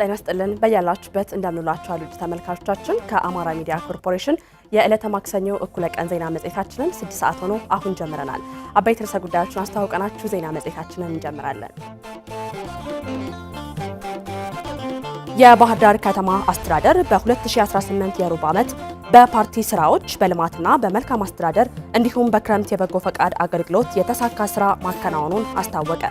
ጤና ስጥልን በያላችሁበት እንደምንላችሁ አሉ ተመልካቾቻችን። ከአማራ ሚዲያ ኮርፖሬሽን የዕለተ ማክሰኞ እኩለ ቀን ዜና መጽሔታችንን ስድስት ሰዓት ሆኖ አሁን ጀምረናል። አበይት ርዕሰ ጉዳዮችን አስተዋውቀናችሁ ዜና መጽሔታችንን እንጀምራለን። የባህር ዳር ከተማ አስተዳደር በ2018 የሩብ ዓመት በፓርቲ ስራዎች በልማትና በመልካም አስተዳደር እንዲሁም በክረምት የበጎ ፈቃድ አገልግሎት የተሳካ ስራ ማከናወኑን አስታወቀ።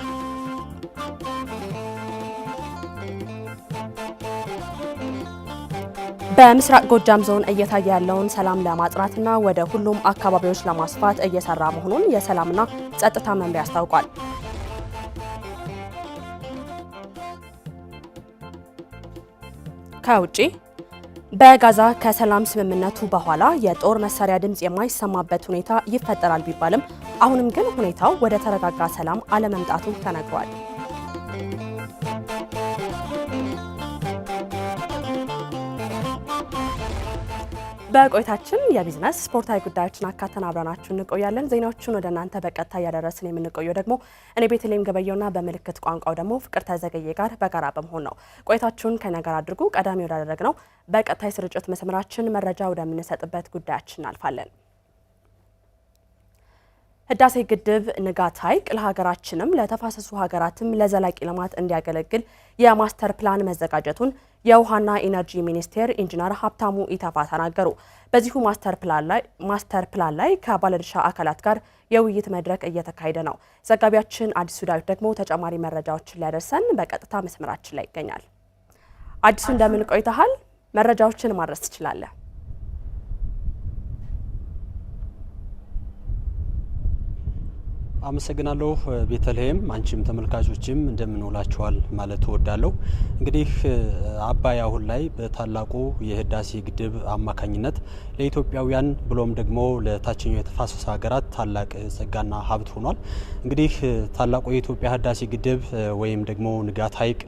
በምስራቅ ጎጃም ዞን እየታየ ያለውን ሰላም ለማጽናትና ወደ ሁሉም አካባቢዎች ለማስፋት እየሰራ መሆኑን የሰላምና ጸጥታ መምሪያ አስታውቋል። ከውጪ በጋዛ ከሰላም ስምምነቱ በኋላ የጦር መሳሪያ ድምፅ የማይሰማበት ሁኔታ ይፈጠራል ቢባልም አሁንም ግን ሁኔታው ወደ ተረጋጋ ሰላም አለመምጣቱ ተነግሯል። በቆይታችን የቢዝነስ ስፖርታዊ ጉዳዮችን አካተን አብረናችሁ እንቆያለን። ዜናዎቹን ወደ እናንተ በቀጥታ እያደረስን የምንቆየው ደግሞ እኔ ቤተልሔም ገበየውና በምልክት ቋንቋው ደግሞ ፍቅር ተዘገየ ጋር በጋራ በመሆን ነው። ቆይታችሁን ከኛ ጋር አድርጉ። ቀዳሚ ወዳደረግ ነው በቀጥታ የስርጭት መስመራችን መረጃ ወደምንሰጥበት ጉዳያችን እናልፋለን። ህዳሴ ግድብ ንጋት ሐይቅ ለሀገራችንም ለተፋሰሱ ሀገራትም ለዘላቂ ልማት እንዲያገለግል የማስተር ፕላን መዘጋጀቱን የውሃና ኢነርጂ ሚኒስቴር ኢንጂነር ሀብታሙ ኢተፋ ተናገሩ። በዚሁ ማስተር ፕላን ላይ ከባለድርሻ አካላት ጋር የውይይት መድረክ እየተካሄደ ነው። ዘጋቢያችን አዲሱ ዳዊት ደግሞ ተጨማሪ መረጃዎችን ሊያደርሰን በቀጥታ መስመራችን ላይ ይገኛል። አዲሱ እንደምን ቆይተሃል? መረጃዎችን ማድረስ ትችላለህ? አመሰግናለሁ ቤተልሔም፣ አንቺም ተመልካቾችም እንደምንውላችኋል ማለት እወዳለሁ። እንግዲህ አባይ አሁን ላይ በታላቁ የህዳሴ ግድብ አማካኝነት ለኢትዮጵያውያን ብሎም ደግሞ ለታችኛው የተፋሰስ ሀገራት ታላቅ ጸጋና ሀብት ሆኗል። እንግዲህ ታላቁ የኢትዮጵያ ህዳሴ ግድብ ወይም ደግሞ ንጋት ሀይቅ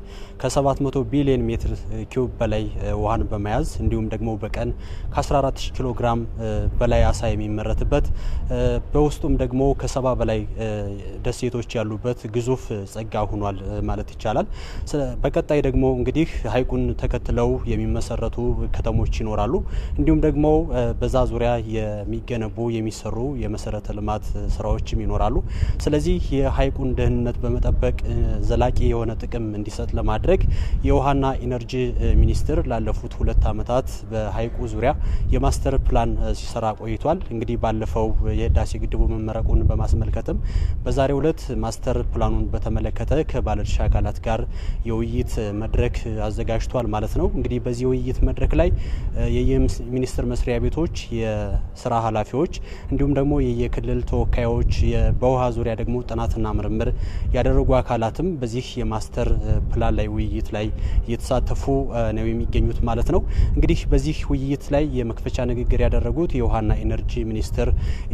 ከ700 ቢሊዮን ሜትር ኪዩብ በላይ ውሃን በመያዝ እንዲሁም ደግሞ በቀን ከ14000 ኪሎ ግራም በላይ አሳ የሚመረትበት በውስጡም ደግሞ ከሰባ በላይ ደሴቶች ያሉበት ግዙፍ ጸጋ ሆኗል ማለት ይቻላል። በቀጣይ ደግሞ እንግዲህ ሀይቁን ተከትለው የሚመሰረቱ ከተሞች ይኖራሉ። እንዲሁም ደግሞ በዛ ዙሪያ የሚገነቡ የሚሰሩ የመሰረተ ልማት ስራዎችም ይኖራሉ። ስለዚህ የሀይቁን ደህንነት በመጠበቅ ዘላቂ የሆነ ጥቅም እንዲሰጥ ለማድረግ የውሃና ኢነርጂ ሚኒስቴር ላለፉት ሁለት ዓመታት በሀይቁ ዙሪያ የማስተር ፕላን ሲሰራ ቆይቷል። እንግዲህ ባለፈው የህዳሴ ግድቡ መመረቁን በማስመልከትም በዛሬው ዕለት ማስተር ፕላኑን በተመለከተ ከባለድርሻ አካላት ጋር የውይይት መድረክ አዘጋጅቷል ማለት ነው። እንግዲህ በዚህ የውይይት መድረክ ላይ የየሚኒስትር መስሪያ ቤቶች የስራ ኃላፊዎች እንዲሁም ደግሞ የየክልል ተወካዮች፣ በውሃ ዙሪያ ደግሞ ጥናትና ምርምር ያደረጉ አካላትም በዚህ የማስተር ፕላን ላይ ውይይት ላይ እየተሳተፉ ነው የሚገኙት ማለት ነው። እንግዲህ በዚህ ውይይት ላይ የመክፈቻ ንግግር ያደረጉት የውሃና ኢነርጂ ሚኒስትር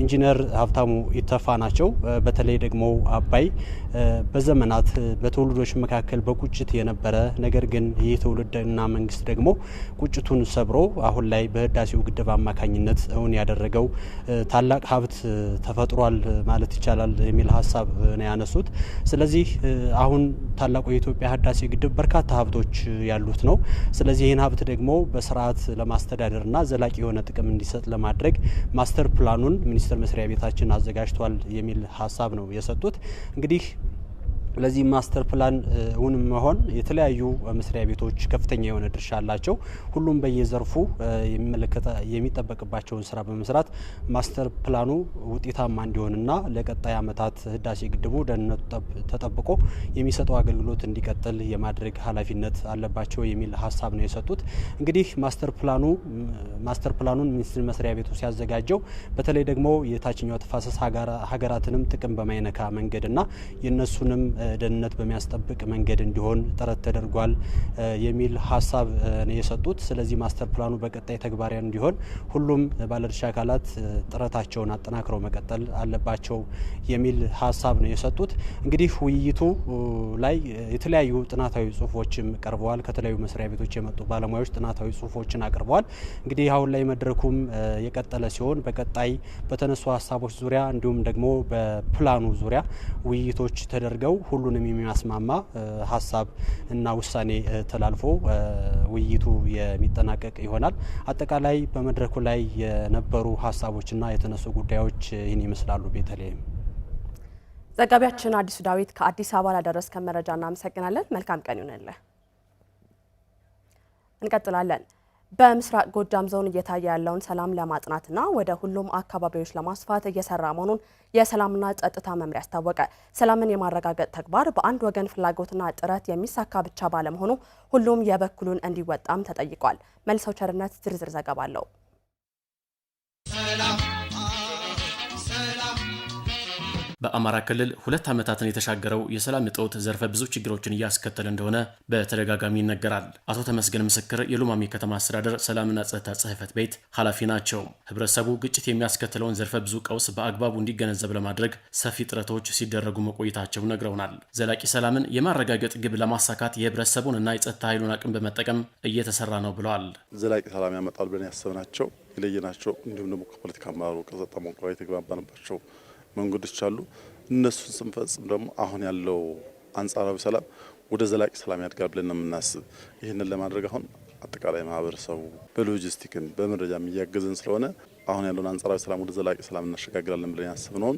ኢንጂነር ሀብታሙ ኢተፋ ናቸው። በተለይ ደግሞ አባይ በዘመናት በትውልዶች መካከል በቁጭት የነበረ ነገር ግን ይህ ትውልድና መንግስት ደግሞ ቁጭቱን ሰብሮ አሁን ላይ በህዳሴው ግድብ አማካኝነት እውን ያደረገው ታላቅ ሀብት ተፈጥሯል ማለት ይቻላል የሚል ሀሳብ ነው ያነሱት። ስለዚህ አሁን ታላቁ የኢትዮጵያ ህዳሴ ግድብ በርካታ ሀብቶች ያሉት ነው። ስለዚህ ይህን ሀብት ደግሞ በስርዓት ለማስተዳደርና ዘላቂ የሆነ ጥቅም እንዲሰጥ ለማድረግ ማስተር ፕላኑን ሚኒስቴር መስሪያ ቤታችን አዘጋጅቷል የሚል ሀሳብ ሀሳብ ነው የሰጡት። እንግዲህ ለዚህ ማስተር ፕላን እውን መሆን የተለያዩ መስሪያ ቤቶች ከፍተኛ የሆነ ድርሻ አላቸው። ሁሉም በየዘርፉ የሚጠበቅባቸውን ስራ በመስራት ማስተር ፕላኑ ውጤታማ እንዲሆንና ለቀጣይ ዓመታት ህዳሴ ግድቡ ደህንነቱ ተጠብቆ የሚሰጠው አገልግሎት እንዲቀጥል የማድረግ ኃላፊነት አለባቸው የሚል ሀሳብ ነው የሰጡት። እንግዲህ ማስተር ፕላኑ ማስተር ፕላኑን ሚኒስትር መስሪያ ቤቱ ሲያዘጋጀው በተለይ ደግሞ የታችኛው ተፋሰስ ሀገራትንም ጥቅም በማይነካ መንገድና የእነሱንም ደህንነት በሚያስጠብቅ መንገድ እንዲሆን ጥረት ተደርጓል የሚል ሀሳብ ነው የሰጡት። ስለዚህ ማስተር ፕላኑ በቀጣይ ተግባራዊ እንዲሆን ሁሉም ባለድርሻ አካላት ጥረታቸውን አጠናክረው መቀጠል አለባቸው የሚል ሀሳብ ነው የሰጡት። እንግዲህ ውይይቱ ላይ የተለያዩ ጥናታዊ ጽሁፎችም ቀርበዋል። ከተለያዩ መስሪያ ቤቶች የመጡ ባለሙያዎች ጥናታዊ ጽሁፎችን አቅርበዋል። እንግዲህ አሁን ላይ መድረኩም የቀጠለ ሲሆን በቀጣይ በተነሱ ሀሳቦች ዙሪያ እንዲሁም ደግሞ በፕላኑ ዙሪያ ውይይቶች ተደርገው ሁሉንም የሚያስማማ ሀሳብ እና ውሳኔ ተላልፎ ውይይቱ የሚጠናቀቅ ይሆናል። አጠቃላይ በመድረኩ ላይ የነበሩ ሀሳቦችና የተነሱ ጉዳዮች ይህን ይመስላሉ። ቤተልሔም ዘጋቢያችን አዲሱ ዳዊት ከአዲስ አበባ ላደረስከን መረጃ እናመሰግናለን። መልካም ቀን ይሁንልህ። እንቀጥላለን። በምስራቅ ጎጃም ዞን እየታየ ያለውን ሰላም ለማጽናትና ወደ ሁሉም አካባቢዎች ለማስፋት እየሰራ መሆኑን የሰላምና ጸጥታ መምሪያ አስታወቀ። ሰላምን የማረጋገጥ ተግባር በአንድ ወገን ፍላጎትና ጥረት የሚሳካ ብቻ ባለመሆኑ ሁሉም የበኩሉን እንዲወጣም ተጠይቋል። መልሰው ቸርነት ዝርዝር ዘገባ አለው። በአማራ ክልል ሁለት ዓመታትን የተሻገረው የሰላም እጦት ዘርፈ ብዙ ችግሮችን እያስከተለ እንደሆነ በተደጋጋሚ ይነገራል። አቶ ተመስገን ምስክር የሉማሜ ከተማ አስተዳደር ሰላምና ጸጥታ ጽሕፈት ቤት ኃላፊ ናቸው። ህብረተሰቡ ግጭት የሚያስከትለውን ዘርፈ ብዙ ቀውስ በአግባቡ እንዲገነዘብ ለማድረግ ሰፊ ጥረቶች ሲደረጉ መቆየታቸው ነግረውናል። ዘላቂ ሰላምን የማረጋገጥ ግብ ለማሳካት የህብረተሰቡን እና የጸጥታ ኃይሉን አቅም በመጠቀም እየተሰራ ነው ብለዋል። ዘላቂ ሰላም ያመጣል ብለን ያሰብናቸው የለየናቸው እንዲሁም ደግሞ ከፖለቲካ አመራሩ ከጸጥታ መዋቅራዊ የተግባባንባቸው መንገዶች አሉ። እነሱን ስንፈጽም ደግሞ አሁን ያለው አንጻራዊ ሰላም ወደ ዘላቂ ሰላም ያድጋል ብለን ነው የምናስብ። ይህንን ለማድረግ አሁን አጠቃላይ ማህበረሰቡ በሎጂስቲክን በመረጃም እያገዘን ስለሆነ አሁን ያለውን አንጻራዊ ሰላም ወደ ዘላቂ ሰላም እናሸጋግራለን ብለን ያስብ ነውን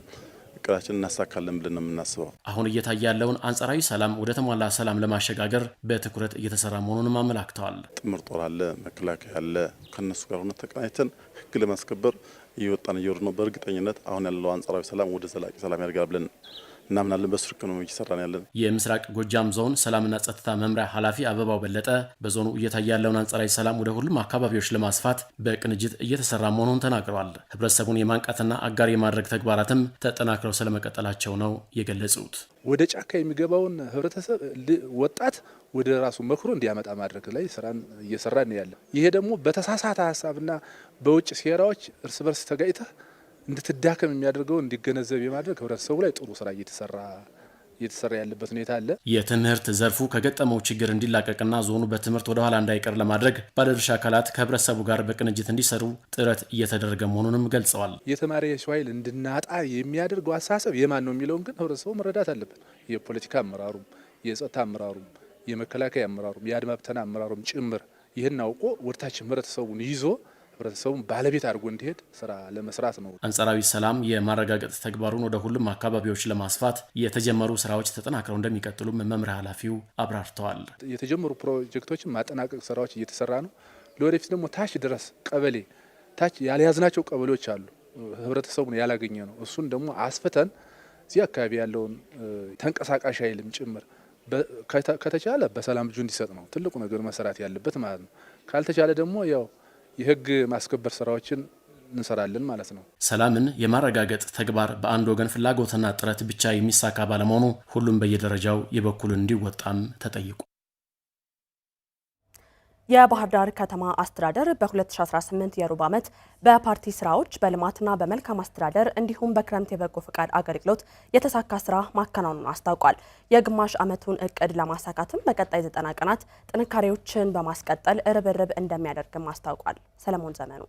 እቅዳችን እናሳካለን ብለን ነው የምናስበው። አሁን እየታየ ያለውን አንጻራዊ ሰላም ወደ ተሟላ ሰላም ለማሸጋገር በትኩረት እየተሰራ መሆኑንም አመላክተዋል። ጥምር ጦር አለ፣ መከላከያ አለ። ከነሱ ጋር ሆነ ተቀናጅተን ህግ ለማስከበር እየወጣን እየወረድን ነው። በእርግጠኝነት አሁን ያለው አንጻራዊ ሰላም ወደ ዘላቂ ሰላም ያደርጋል ብለን እናምናለን። በሱ ነው እየሰራን ያለን። የምስራቅ ጎጃም ዞን ሰላምና ጸጥታ መምሪያ ኃላፊ አበባው በለጠ በዞኑ እየታየ ያለውን አንጻራዊ ሰላም ወደ ሁሉም አካባቢዎች ለማስፋት በቅንጅት እየተሰራ መሆኑን ተናግረዋል። ህብረተሰቡን የማንቃትና አጋር የማድረግ ተግባራትም ተጠናክረው ስለመቀጠላቸው ነው የገለጹት። ወደ ጫካ የሚገባውን ህብረተሰብ ወጣት ወደ ራሱ መክሮ እንዲያመጣ ማድረግ ላይ ስራን እየሰራን ያለ ይሄ ደግሞ በተሳሳተ ሀሳብና በውጭ ሴራዎች እርስ በርስ ተጋጭተህ እንድትዳከም የሚያደርገው እንዲገነዘብ የማድረግ ህብረተሰቡ ላይ ጥሩ ስራ እየተሰራ እየተሰራ ያለበት ሁኔታ አለ። የትምህርት ዘርፉ ከገጠመው ችግር እንዲላቀቅና ዞኑ በትምህርት ወደ ኋላ እንዳይቀር ለማድረግ ባለድርሻ አካላት ከህብረተሰቡ ጋር በቅንጅት እንዲሰሩ ጥረት እየተደረገ መሆኑንም ገልጸዋል። የተማሪ የሰው ኃይል እንድናጣ የሚያደርገው አስተሳሰብ የማን ነው የሚለውን ግን ህብረተሰቡ መረዳት አለበት። የፖለቲካ አመራሩም፣ የጸጥታ አመራሩም፣ የመከላከያ አመራሩም፣ የአድማ ብተና አመራሩም ጭምር ይህን አውቆ ወደታችን ህብረተሰቡን ይዞ ህብረተሰቡን ባለቤት አድርጎ እንዲሄድ ስራ ለመስራት ነው። አንጻራዊ ሰላም የማረጋገጥ ተግባሩን ወደ ሁሉም አካባቢዎች ለማስፋት የተጀመሩ ስራዎች ተጠናክረው እንደሚቀጥሉም መምሪያ ኃላፊው አብራርተዋል። የተጀመሩ ፕሮጀክቶችን ማጠናቀቅ ስራዎች እየተሰራ ነው። ለወደፊት ደግሞ ታች ድረስ ቀበሌ ታች ያልያዝናቸው ቀበሌዎች አሉ። ህብረተሰቡን ያላገኘ ነው። እሱን ደግሞ አስፍተን እዚህ አካባቢ ያለውን ተንቀሳቃሽ ኃይልም ጭምር ከተቻለ በሰላም እጁ እንዲሰጥ ነው ትልቁ ነገር መሰራት ያለበት ማለት ነው። ካልተቻለ ደግሞ ያው የህግ ማስከበር ስራዎችን እንሰራለን ማለት ነው። ሰላምን የማረጋገጥ ተግባር በአንድ ወገን ፍላጎትና ጥረት ብቻ የሚሳካ ባለመሆኑ ሁሉም በየደረጃው የበኩል እንዲወጣም ተጠይቁ የባህር ዳር ከተማ አስተዳደር በ2018 የሩብ ዓመት በፓርቲ ስራዎች በልማትና በመልካም አስተዳደር እንዲሁም በክረምት የበጎ ፈቃድ አገልግሎት የተሳካ ስራ ማከናወኑን አስታውቋል። የግማሽ ዓመቱን እቅድ ለማሳካትም በቀጣይ ዘጠና ቀናት ጥንካሬዎችን በማስቀጠል ርብርብ እንደሚያደርግም አስታውቋል። ሰለሞን ዘመኑ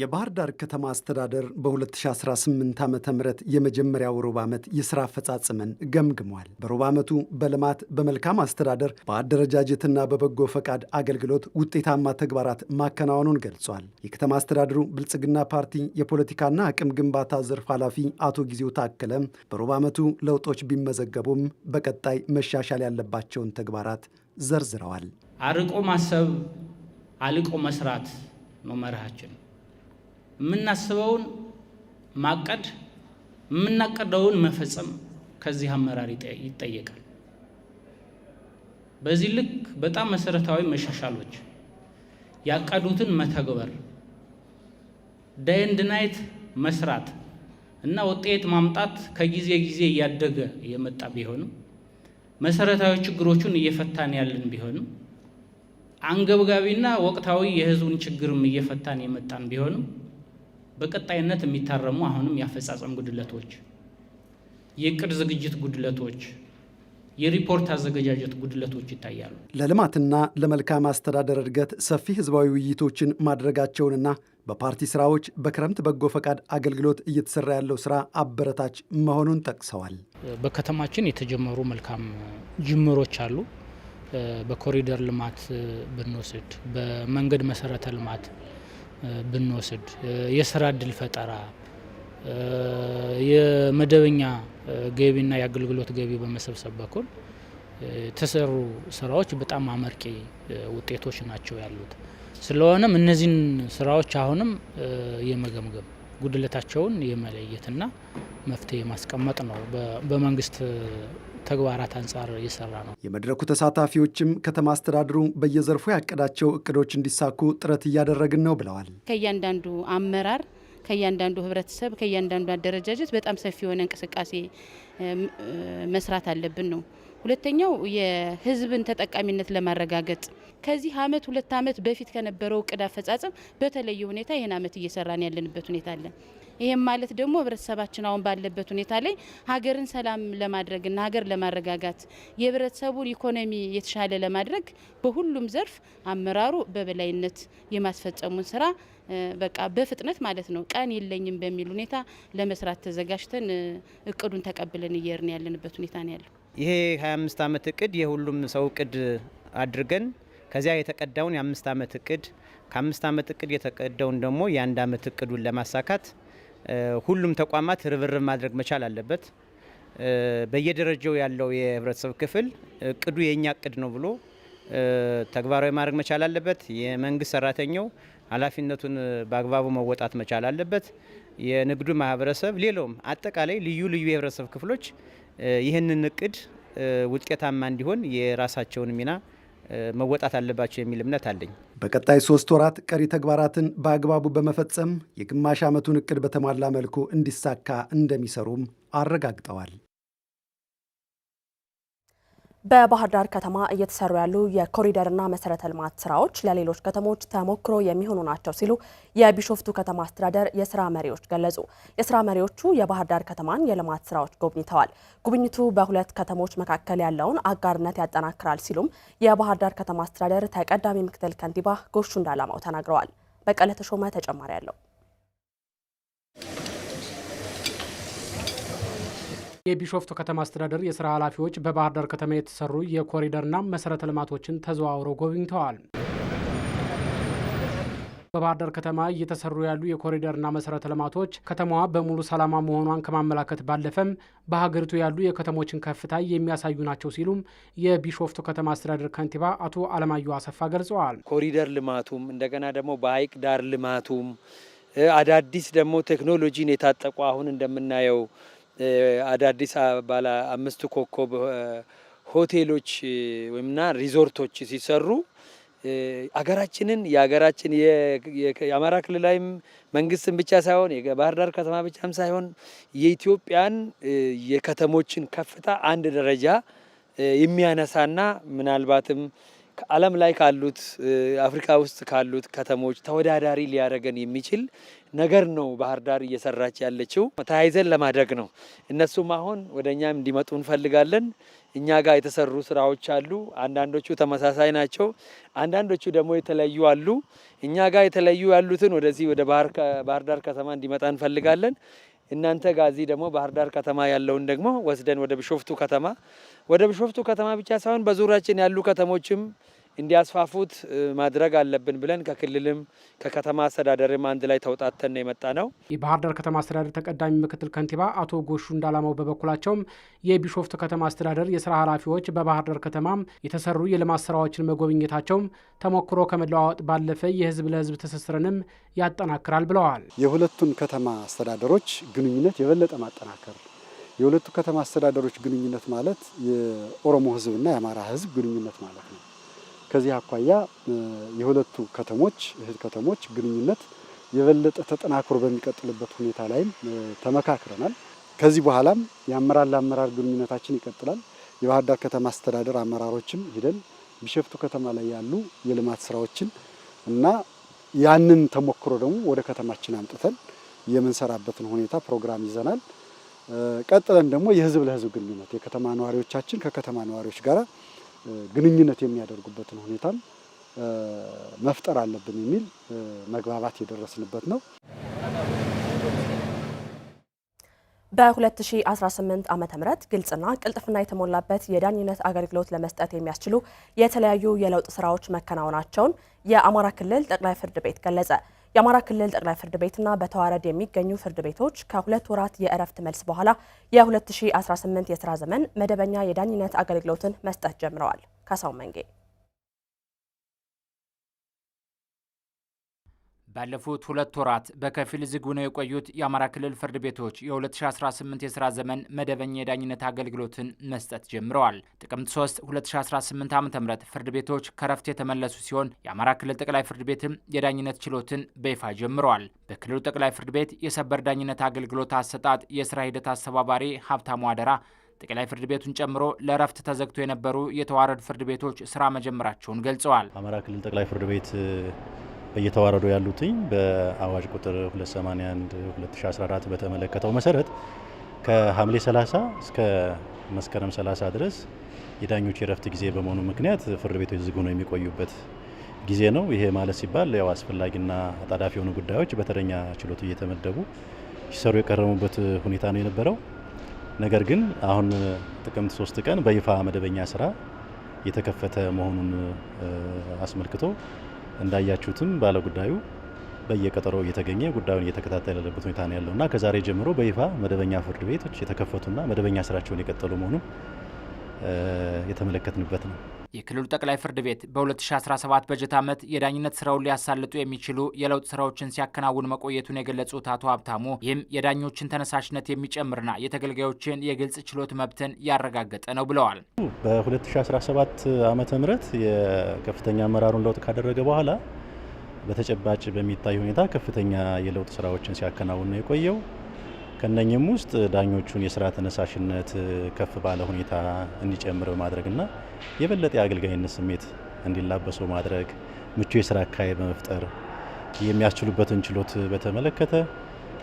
የባህር ዳር ከተማ አስተዳደር በ2018 ዓ ም የመጀመሪያው ሩብ ዓመት የሥራ አፈጻጽምን ገምግሟል። በሩብ ዓመቱ በልማት በመልካም አስተዳደር በአደረጃጀትና በበጎ ፈቃድ አገልግሎት ውጤታማ ተግባራት ማከናወኑን ገልጿል። የከተማ አስተዳደሩ ብልጽግና ፓርቲ የፖለቲካና አቅም ግንባታ ዘርፍ ኃላፊ አቶ ጊዜው ታከለ በሩብ ዓመቱ ለውጦች ቢመዘገቡም በቀጣይ መሻሻል ያለባቸውን ተግባራት ዘርዝረዋል። አርቆ ማሰብ፣ አልቆ መስራት ነው መርሃችን የምናስበውን ማቀድ፣ የምናቀደውን መፈጸም ከዚህ አመራር ይጠየቃል። በዚህ ልክ በጣም መሰረታዊ መሻሻሎች ያቀዱትን መተግበር ዴይ ናይት መስራት እና ውጤት ማምጣት ከጊዜ ጊዜ እያደገ የመጣ ቢሆንም መሰረታዊ ችግሮቹን እየፈታን ያለን ቢሆንም አንገብጋቢና ወቅታዊ የሕዝቡን ችግርም እየፈታን የመጣን ቢሆንም በቀጣይነት የሚታረሙ አሁንም የአፈጻጸም ጉድለቶች፣ የእቅድ ዝግጅት ጉድለቶች የሪፖርት አዘገጃጀት ጉድለቶች ይታያሉ። ለልማትና ለመልካም አስተዳደር እድገት ሰፊ ህዝባዊ ውይይቶችን ማድረጋቸውንና በፓርቲ ስራዎች በክረምት በጎ ፈቃድ አገልግሎት እየተሰራ ያለው ስራ አበረታች መሆኑን ጠቅሰዋል። በከተማችን የተጀመሩ መልካም ጅምሮች አሉ። በኮሪደር ልማት ብንወስድ፣ በመንገድ መሰረተ ልማት ብንወስድ የስራ እድል ፈጠራ፣ የመደበኛ ገቢና የአገልግሎት ገቢ በመሰብሰብ በኩል የተሰሩ ስራዎች በጣም አመርቂ ውጤቶች ናቸው ያሉት። ስለሆነም እነዚህን ስራዎች አሁንም የመገምገም ጉድለታቸውን የመለየትና መፍትሄ ማስቀመጥ ነው በመንግስት ተግባራት አንጻር እየሰራ ነው። የመድረኩ ተሳታፊዎችም ከተማ አስተዳደሩ በየዘርፉ ያቀዳቸው እቅዶች እንዲሳኩ ጥረት እያደረግን ነው ብለዋል። ከእያንዳንዱ አመራር ከእያንዳንዱ ህብረተሰብ ከእያንዳንዱ አደረጃጀት በጣም ሰፊ የሆነ እንቅስቃሴ መስራት አለብን ነው ሁለተኛው የህዝብን ተጠቃሚነት ለማረጋገጥ ከዚህ አመት ሁለት አመት በፊት ከነበረው እቅድ አፈጻጸም በተለየ ሁኔታ ይህን አመት እየሰራን ያለንበት ሁኔታ አለ። ይህም ማለት ደግሞ ህብረተሰባችን አሁን ባለበት ሁኔታ ላይ ሀገርን ሰላም ለማድረግና ሀገር ለማረጋጋት የህብረተሰቡን ኢኮኖሚ የተሻለ ለማድረግ በሁሉም ዘርፍ አመራሩ በበላይነት የማስፈጸሙን ስራ በቃ በፍጥነት ማለት ነው ቀን የለኝም በሚል ሁኔታ ለመስራት ተዘጋጅተን እቅዱን ተቀብለን እየርን ያለንበት ሁኔታ ነው ያለው። ይሄ 25 ዓመት እቅድ የሁሉም ሰው እቅድ አድርገን ከዚያ የተቀዳውን የአምስት ዓመት እቅድ ከአምስት ዓመት እቅድ የተቀዳውን ደግሞ የአንድ ዓመት እቅዱን ለማሳካት ሁሉም ተቋማት ርብርብ ማድረግ መቻል አለበት። በየደረጃው ያለው የህብረተሰብ ክፍል እቅዱ የእኛ እቅድ ነው ብሎ ተግባራዊ ማድረግ መቻል አለበት። የመንግስት ሰራተኛው ኃላፊነቱን በአግባቡ መወጣት መቻል አለበት። የንግዱ ማህበረሰብ፣ ሌላውም አጠቃላይ ልዩ ልዩ የህብረተሰብ ክፍሎች ይህንን እቅድ ውጤታማ እንዲሆን የራሳቸውን ሚና መወጣት አለባቸው የሚል እምነት አለኝ። በቀጣይ ሶስት ወራት ቀሪ ተግባራትን በአግባቡ በመፈጸም የግማሽ ዓመቱን እቅድ በተሟላ መልኩ እንዲሳካ እንደሚሰሩም አረጋግጠዋል። በባህር ዳር ከተማ እየተሰሩ ያሉ የኮሪደርና መሰረተ ልማት ስራዎች ለሌሎች ከተሞች ተሞክሮ የሚሆኑ ናቸው ሲሉ የቢሾፍቱ ከተማ አስተዳደር የስራ መሪዎች ገለጹ። የስራ መሪዎቹ የባህር ዳር ከተማን የልማት ስራዎች ጎብኝተዋል። ጉብኝቱ በሁለት ከተሞች መካከል ያለውን አጋርነት ያጠናክራል ሲሉም የባህር ዳር ከተማ አስተዳደር ተቀዳሚ ምክትል ከንቲባ ጎሹ እንዳላማው ተናግረዋል። በቀለ ተሾመ ተጨማሪ አለው። የቢሾፍቱ ከተማ አስተዳደር የስራ ኃላፊዎች በባህር ዳር ከተማ የተሰሩ የኮሪደርና መሰረተ ልማቶችን ተዘዋውረው ጎብኝተዋል። በባህር ዳር ከተማ እየተሰሩ ያሉ የኮሪደርና መሰረተ ልማቶች ከተማዋ በሙሉ ሰላማ መሆኗን ከማመላከት ባለፈም በሀገሪቱ ያሉ የከተሞችን ከፍታ የሚያሳዩ ናቸው ሲሉም የቢሾፍቱ ከተማ አስተዳደር ከንቲባ አቶ አለማየሁ አሰፋ ገልጸዋል። ኮሪደር ልማቱም እንደገና ደግሞ በሀይቅ ዳር ልማቱም አዳዲስ ደግሞ ቴክኖሎጂን የታጠቁ አሁን እንደምናየው አዳዲስ ባለ አምስት ኮከብ ሆቴሎች ወይምና ሪዞርቶች ሲሰሩ አገራችንን የሀገራችን የአማራ ክልላዊም መንግስትን ብቻ ሳይሆን የባህር ዳር ከተማ ብቻም ሳይሆን የኢትዮጵያን የከተሞችን ከፍታ አንድ ደረጃ የሚያነሳና ምናልባትም ከዓለም ላይ ካሉት አፍሪካ ውስጥ ካሉት ከተሞች ተወዳዳሪ ሊያደርገን የሚችል ነገር ነው ባህር ዳር እየሰራች ያለችው። ተያይዘን ለማድረግ ነው። እነሱም አሁን ወደ እኛም እንዲመጡ እንፈልጋለን። እኛ ጋር የተሰሩ ስራዎች አሉ። አንዳንዶቹ ተመሳሳይ ናቸው፣ አንዳንዶቹ ደግሞ የተለዩ አሉ። እኛ ጋር የተለዩ ያሉትን ወደዚህ ወደ ባህር ዳር ከተማ እንዲመጣ እንፈልጋለን። እናንተ እዚህ ደግሞ ባህር ዳር ከተማ ያለውን ደግሞ ወስደን ወደ ቢሾፍቱ ከተማ ወደ ቢሾፍቱ ከተማ ብቻ ሳይሆን በዙሪያችን ያሉ ከተሞችም እንዲያስፋፉት ማድረግ አለብን ብለን ከክልልም ከከተማ አስተዳደርም አንድ ላይ ተውጣተን የመጣ ነው። የባህር ዳር ከተማ አስተዳደር ተቀዳሚ ምክትል ከንቲባ አቶ ጎሹ እንዳላማው በበኩላቸውም የቢሾፍቱ ከተማ አስተዳደር የስራ ኃላፊዎች በባህር ዳር ከተማ የተሰሩ የልማት ስራዎችን መጎብኘታቸውም ተሞክሮ ከመለዋወጥ ባለፈ የህዝብ ለህዝብ ትስስርንም ያጠናክራል ብለዋል። የሁለቱን ከተማ አስተዳደሮች ግንኙነት የበለጠ ማጠናከር የሁለቱ ከተማ አስተዳደሮች ግንኙነት ማለት የኦሮሞ ህዝብና የአማራ ህዝብ ግንኙነት ማለት ነው። ከዚህ አኳያ የሁለቱ ከተሞች እህት ከተሞች ግንኙነት የበለጠ ተጠናክሮ በሚቀጥልበት ሁኔታ ላይም ተመካክረናል። ከዚህ በኋላም የአመራር ለአመራር ግንኙነታችን ይቀጥላል። የባህር ዳር ከተማ አስተዳደር አመራሮችም ሂደን ቢሸፍቱ ከተማ ላይ ያሉ የልማት ስራዎችን እና ያንን ተሞክሮ ደግሞ ወደ ከተማችን አምጥተን የምንሰራበትን ሁኔታ ፕሮግራም ይዘናል። ቀጥለን ደግሞ የህዝብ ለህዝብ ግንኙነት የከተማ ነዋሪዎቻችን ከከተማ ነዋሪዎች ጋር ግንኙነት የሚያደርጉበትን ሁኔታም መፍጠር አለብን የሚል መግባባት የደረስንበት ነው። በ2018 ዓ ም ግልጽና ቅልጥፍና የተሞላበት የዳኝነት አገልግሎት ለመስጠት የሚያስችሉ የተለያዩ የለውጥ ስራዎች መከናወናቸውን የአማራ ክልል ጠቅላይ ፍርድ ቤት ገለጸ። የአማራ ክልል ጠቅላይ ፍርድ ቤትና በተዋረድ የሚገኙ ፍርድ ቤቶች ከሁለት ወራት የእረፍት መልስ በኋላ የ2018 የስራ ዘመን መደበኛ የዳኝነት አገልግሎትን መስጠት ጀምረዋል። ካሳው መንጌ ባለፉት ሁለት ወራት በከፊል ዝግ ሆነው የቆዩት የአማራ ክልል ፍርድ ቤቶች የ2018 የስራ ዘመን መደበኛ የዳኝነት አገልግሎትን መስጠት ጀምረዋል። ጥቅምት 3 2018 ዓ ም ፍርድ ቤቶች ከረፍት የተመለሱ ሲሆን የአማራ ክልል ጠቅላይ ፍርድ ቤትም የዳኝነት ችሎትን በይፋ ጀምረዋል። በክልሉ ጠቅላይ ፍርድ ቤት የሰበር ዳኝነት አገልግሎት አሰጣጥ የስራ ሂደት አስተባባሪ ሀብታሙ አደራ ጠቅላይ ፍርድ ቤቱን ጨምሮ ለእረፍት ተዘግቶ የነበሩ የተዋረድ ፍርድ ቤቶች ስራ መጀመራቸውን ገልጸዋል። አማራ ክልል ጠቅላይ ፍርድ ቤት እየተዋረዱ ያሉትኝ በአዋጅ ቁጥር 281 2014 በተመለከተው መሰረት ከሐምሌ 30 እስከ መስከረም 30 ድረስ የዳኞች የረፍት ጊዜ በመሆኑ ምክንያት ፍርድ ቤቶች ዝግ ሆነው የሚቆዩበት ጊዜ ነው። ይሄ ማለት ሲባል ያው አስፈላጊና አጣዳፊ የሆኑ ጉዳዮች በተረኛ ችሎት እየተመደቡ ሲሰሩ የቀረሙበት ሁኔታ ነው የነበረው። ነገር ግን አሁን ጥቅምት ሶስት ቀን በይፋ መደበኛ ስራ የተከፈተ መሆኑን አስመልክቶ እንዳያችሁትም ባለጉዳዩ በየቀጠሮ እየተገኘ ጉዳዩን እየተከታተለ ያለበት ሁኔታ ነው ያለውና ከዛሬ ጀምሮ በይፋ መደበኛ ፍርድ ቤቶች የተከፈቱና መደበኛ ስራቸውን የቀጠሉ መሆኑን የተመለከትንበት ነው። የክልሉ ጠቅላይ ፍርድ ቤት በ2017 በጀት ዓመት የዳኝነት ስራውን ሊያሳልጡ የሚችሉ የለውጥ ስራዎችን ሲያከናውን መቆየቱን የገለጹት አቶ ሀብታሙ ይህም የዳኞችን ተነሳሽነት የሚጨምርና የተገልጋዮችን የግልጽ ችሎት መብትን ያረጋገጠ ነው ብለዋል። በ2017 ዓመተ ምህረት የከፍተኛ አመራሩን ለውጥ ካደረገ በኋላ በተጨባጭ በሚታይ ሁኔታ ከፍተኛ የለውጥ ስራዎችን ሲያከናውን ነው የቆየው። ከነኝም ውስጥ ዳኞቹን የስራ ተነሳሽነት ከፍ ባለ ሁኔታ እንዲጨምር በማድረግና የበለጠ የአገልጋይነት ስሜት እንዲላበሱ ማድረግ፣ ምቹ የስራ አካባቢ በመፍጠር የሚያስችሉበትን ችሎት በተመለከተ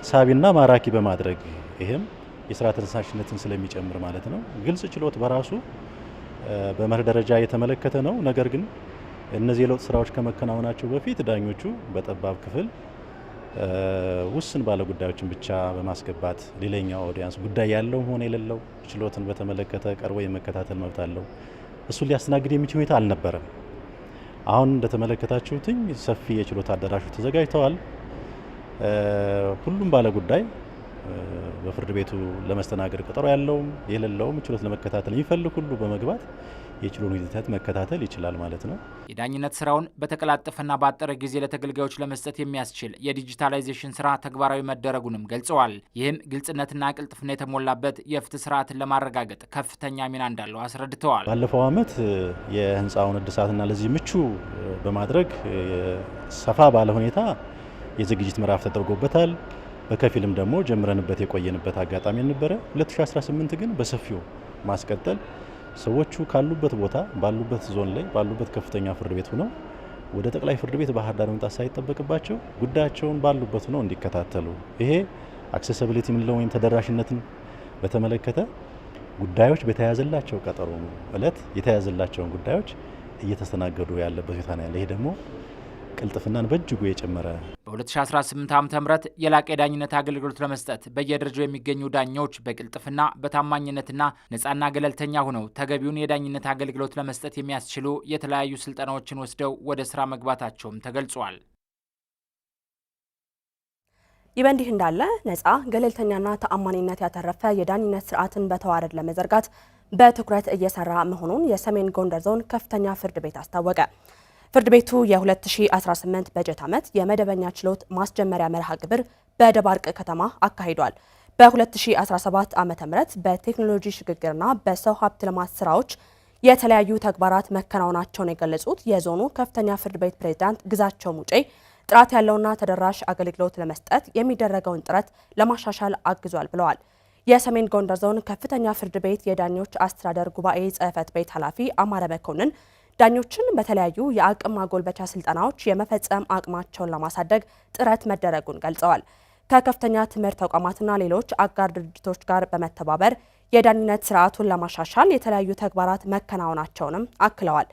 ሳቢና ማራኪ በማድረግ ይህም የስራ ተነሳሽነትን ስለሚጨምር ማለት ነው። ግልጽ ችሎት በራሱ በመርህ ደረጃ የተመለከተ ነው። ነገር ግን እነዚህ የለውጥ ስራዎች ከመከናወናቸው በፊት ዳኞቹ በጠባብ ክፍል ውስን ባለ ጉዳዮችን ብቻ በማስገባት ሌላኛው ኦዲያንስ ጉዳይ ያለው ሆነ የሌለው ችሎትን በተመለከተ ቀርቦ የመከታተል መብት አለው። እሱን ሊያስተናግድ የሚችል ሁኔታ አልነበረም። አሁን እንደተመለከታችሁትኝ ሰፊ የችሎት አዳራሹ ተዘጋጅተዋል። ሁሉም ባለ ጉዳይ በፍርድ ቤቱ ለመስተናገድ ቀጠሮ ያለውም የሌለውም ችሎት ለመከታተል የሚፈልግ ሁሉ በመግባት የችሎን ሂደት መከታተል ይችላል ማለት ነው። የዳኝነት ስራውን በተቀላጠፈና በአጠረ ጊዜ ለተገልጋዮች ለመስጠት የሚያስችል የዲጂታላይዜሽን ስራ ተግባራዊ መደረጉንም ገልጸዋል። ይህም ግልጽነትና ቅልጥፍና የተሞላበት የፍትህ ስርዓትን ለማረጋገጥ ከፍተኛ ሚና እንዳለው አስረድተዋል። ባለፈው ዓመት የህንፃውን እድሳትና ለዚህ ምቹ በማድረግ ሰፋ ባለ ሁኔታ የዝግጅት ምዕራፍ ተደርጎበታል። በከፊልም ደግሞ ጀምረንበት የቆየንበት አጋጣሚ ነበረ። 2018 ግን በሰፊው ማስቀጠል ሰዎቹ ካሉበት ቦታ ባሉበት ዞን ላይ ባሉበት ከፍተኛ ፍርድ ቤት ሆነው ወደ ጠቅላይ ፍርድ ቤት ባህር ዳር መምጣት ሳይጠበቅባቸው ጉዳያቸውን ባሉበት ሆነው እንዲከታተሉ ይሄ አክሴሲቢሊቲ የምንለው ወይም ተደራሽነትን በተመለከተ ጉዳዮች በተያያዘላቸው ቀጠሮ እለት የተያያዘላቸውን ጉዳዮች እየተስተናገዱ ያለበት ሁኔታ ነው ያለ። ይሄ ደግሞ ቅልጥፍናን በእጅጉ የጨመረ በ2018 ዓ ም የላቀ የዳኝነት አገልግሎት ለመስጠት በየደረጃው የሚገኙ ዳኞች በቅልጥፍና በታማኝነትና ነፃና ገለልተኛ ሆነው ተገቢውን የዳኝነት አገልግሎት ለመስጠት የሚያስችሉ የተለያዩ ስልጠናዎችን ወስደው ወደ ስራ መግባታቸውም ተገልጿል። ይህ በእንዲህ እንዳለ ነፃ ገለልተኛና ተአማኒነት ያተረፈ የዳኝነት ስርዓትን በተዋረድ ለመዘርጋት በትኩረት እየሰራ መሆኑን የሰሜን ጎንደር ዞን ከፍተኛ ፍርድ ቤት አስታወቀ። ፍርድ ቤቱ የ2018 በጀት ዓመት የመደበኛ ችሎት ማስጀመሪያ መርሃ ግብር በደባርቅ ከተማ አካሂዷል። በ2017 ዓ ም በቴክኖሎጂ ሽግግርና በሰው ሀብት ልማት ስራዎች የተለያዩ ተግባራት መከናወናቸውን የገለጹት የዞኑ ከፍተኛ ፍርድ ቤት ፕሬዝዳንት ግዛቸው ሙጬ ጥራት ያለውና ተደራሽ አገልግሎት ለመስጠት የሚደረገውን ጥረት ለማሻሻል አግዟል ብለዋል። የሰሜን ጎንደር ዞን ከፍተኛ ፍርድ ቤት የዳኞች አስተዳደር ጉባኤ ጽሕፈት ቤት ኃላፊ አማረ መኮንን ዳኞችን በተለያዩ የአቅም ማጎልበቻ ስልጠናዎች የመፈጸም አቅማቸውን ለማሳደግ ጥረት መደረጉን ገልጸዋል። ከከፍተኛ ትምህርት ተቋማትና ሌሎች አጋር ድርጅቶች ጋር በመተባበር የዳኝነት ስርዓቱን ለማሻሻል የተለያዩ ተግባራት መከናወናቸውንም አክለዋል።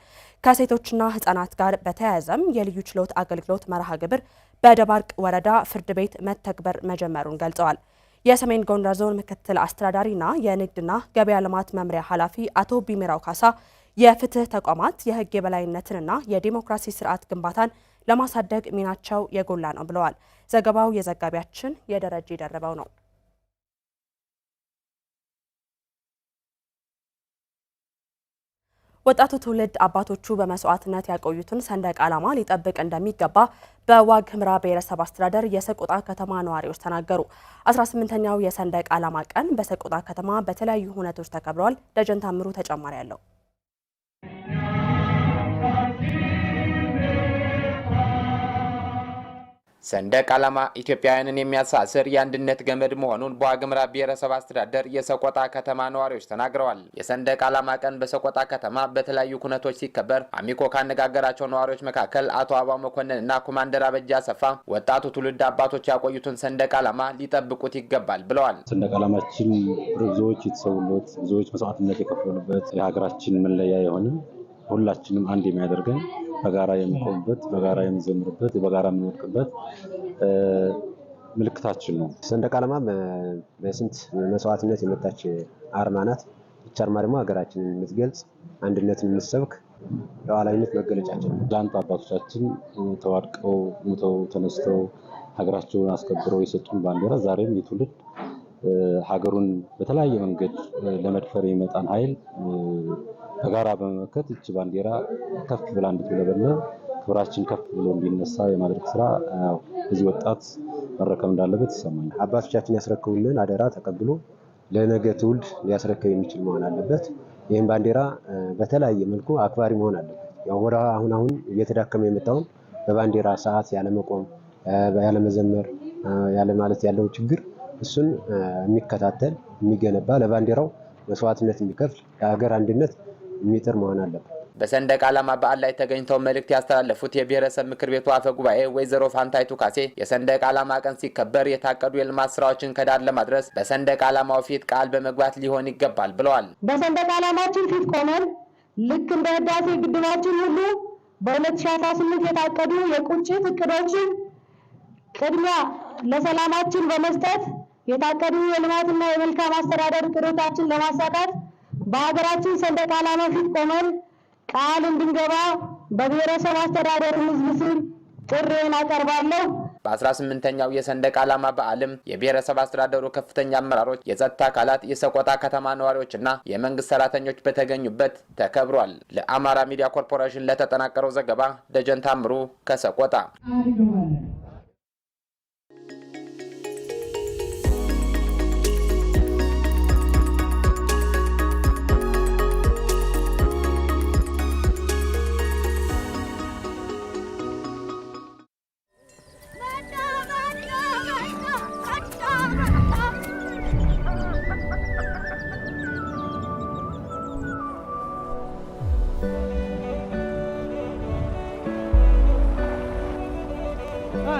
ከሴቶችና ህጻናት ጋር በተያያዘም የልዩ ችሎት አገልግሎት መርሃ ግብር በደባርቅ ወረዳ ፍርድ ቤት መተግበር መጀመሩን ገልጸዋል። የሰሜን ጎንደር ዞን ምክትል አስተዳዳሪና የንግድና ገበያ ልማት መምሪያ ኃላፊ አቶ ቢሚራው ካሳ የፍትህ ተቋማት የህግ የበላይነትንና የዲሞክራሲ ስርዓት ግንባታን ለማሳደግ ሚናቸው የጎላ ነው ብለዋል። ዘገባው የዘጋቢያችን የደረጀ ደርበው ነው። ወጣቱ ትውልድ አባቶቹ በመስዋዕትነት ያቆዩትን ሰንደቅ ዓላማ ሊጠብቅ እንደሚገባ በዋግ ህምራ ብሔረሰብ አስተዳደር የሰቆጣ ከተማ ነዋሪዎች ተናገሩ። 18ኛው የሰንደቅ ዓላማ ቀን በሰቆጣ ከተማ በተለያዩ ሁነቶች ተከብረዋል። ደጀን ታምሩ ተጨማሪ አለው። ሰንደቅ ዓላማ ኢትዮጵያውያንን የሚያሳስር የአንድነት ገመድ መሆኑን በዋግምራ ብሔረሰብ አስተዳደር የሰቆጣ ከተማ ነዋሪዎች ተናግረዋል። የሰንደቅ ዓላማ ቀን በሰቆጣ ከተማ በተለያዩ ኩነቶች ሲከበር አሚኮ ካነጋገራቸው ነዋሪዎች መካከል አቶ አባው መኮንን እና ኮማንደር አበጃ አሰፋ ወጣቱ ትውልድ አባቶች ያቆዩትን ሰንደቅ ዓላማ ሊጠብቁት ይገባል ብለዋል። ሰንደቅ ዓላማችን ብዙዎች የተሰውሉት ብዙዎች መስዋዕትነት የከፈሉበት የሀገራችን መለያ የሆነ ሁላችንም አንድ የሚያደርገን በጋራ የምንቆምበት፣ በጋራ የምንዘምርበት፣ በጋራ የምንወድቅበት ምልክታችን ነው። ሰንደቅ ዓላማ በስንት መስዋዕትነት የመጣች አርማ ናት። ይቺ አርማ ደግሞ ሀገራችንን የምትገልጽ አንድነትን የምትሰብክ የዋላዊነት መገለጫችን ነው። ትላንት አባቶቻችን ተዋድቀው ሙተው ተነስተው ሀገራቸውን አስከብረው የሰጡን ባንዲራ ዛሬም የትውልድ ሀገሩን በተለያየ መንገድ ለመድፈር የመጣን ኃይል በጋራ በመመከት እች ባንዲራ ከፍ ብላ እንድትውለበለብ ክብራችን ከፍ ብሎ እንዲነሳ የማድረግ ስራ እዚህ ወጣት መረከብ እንዳለበት ይሰማኛል። አባቶቻችን ያስረክቡልን አደራ ተቀብሎ ለነገ ትውልድ ሊያስረክብ የሚችል መሆን አለበት። ይህም ባንዲራ በተለያየ መልኩ አክባሪ መሆን አለበት። ያው ወደ አሁን አሁን እየተዳከመ የመጣውን በባንዲራ ሰዓት ያለመቆም፣ ያለመዘመር፣ ያለማለት ያለው ችግር እሱን የሚከታተል የሚገነባ ለባንዲራው መስዋዕትነት የሚከፍል ለሀገር አንድነት የሚጥር መሆን አለበት። በሰንደቅ ዓላማ በዓል ላይ ተገኝተው መልእክት ያስተላለፉት የብሔረሰብ ምክር ቤቱ አፈ ጉባኤ ወይዘሮ ፋንታይቱ ካሴ የሰንደቅ ዓላማ ቀን ሲከበር የታቀዱ የልማት ስራዎችን ከዳር ለማድረስ በሰንደቅ ዓላማው ፊት ቃል በመግባት ሊሆን ይገባል ብለዋል። በሰንደቅ ዓላማችን ፊት ቆመን ልክ እንደ ህዳሴ ግድባችን ሁሉ በ2018 የታቀዱ የቁጭት እቅዶችን ቅድሚያ ለሰላማችን በመስጠት የታቀዱ የልማትና የመልካም አስተዳደር እቅዶቻችን ለማሳካት በሀገራችን ሰንደቅ ዓላማ ፊት ቆመን ቃል እንድንገባ በብሔረሰብ አስተዳደር ሕዝብ ስም ጥሪዬን አቀርባለሁ። 18 የሰንደቅ ዓላማ በዓልም የብሔረሰብ አስተዳደሩ ከፍተኛ አመራሮች፣ የጸጥታ አካላት፣ የሰቆጣ ከተማ ነዋሪዎችና የመንግስት ሰራተኞች በተገኙበት ተከብሯል። ለአማራ ሚዲያ ኮርፖሬሽን ለተጠናቀረው ዘገባ ደጀን ታምሩ ከሰቆጣ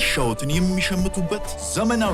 ያሻዎትን የሚሸምቱበት ዘመናዊ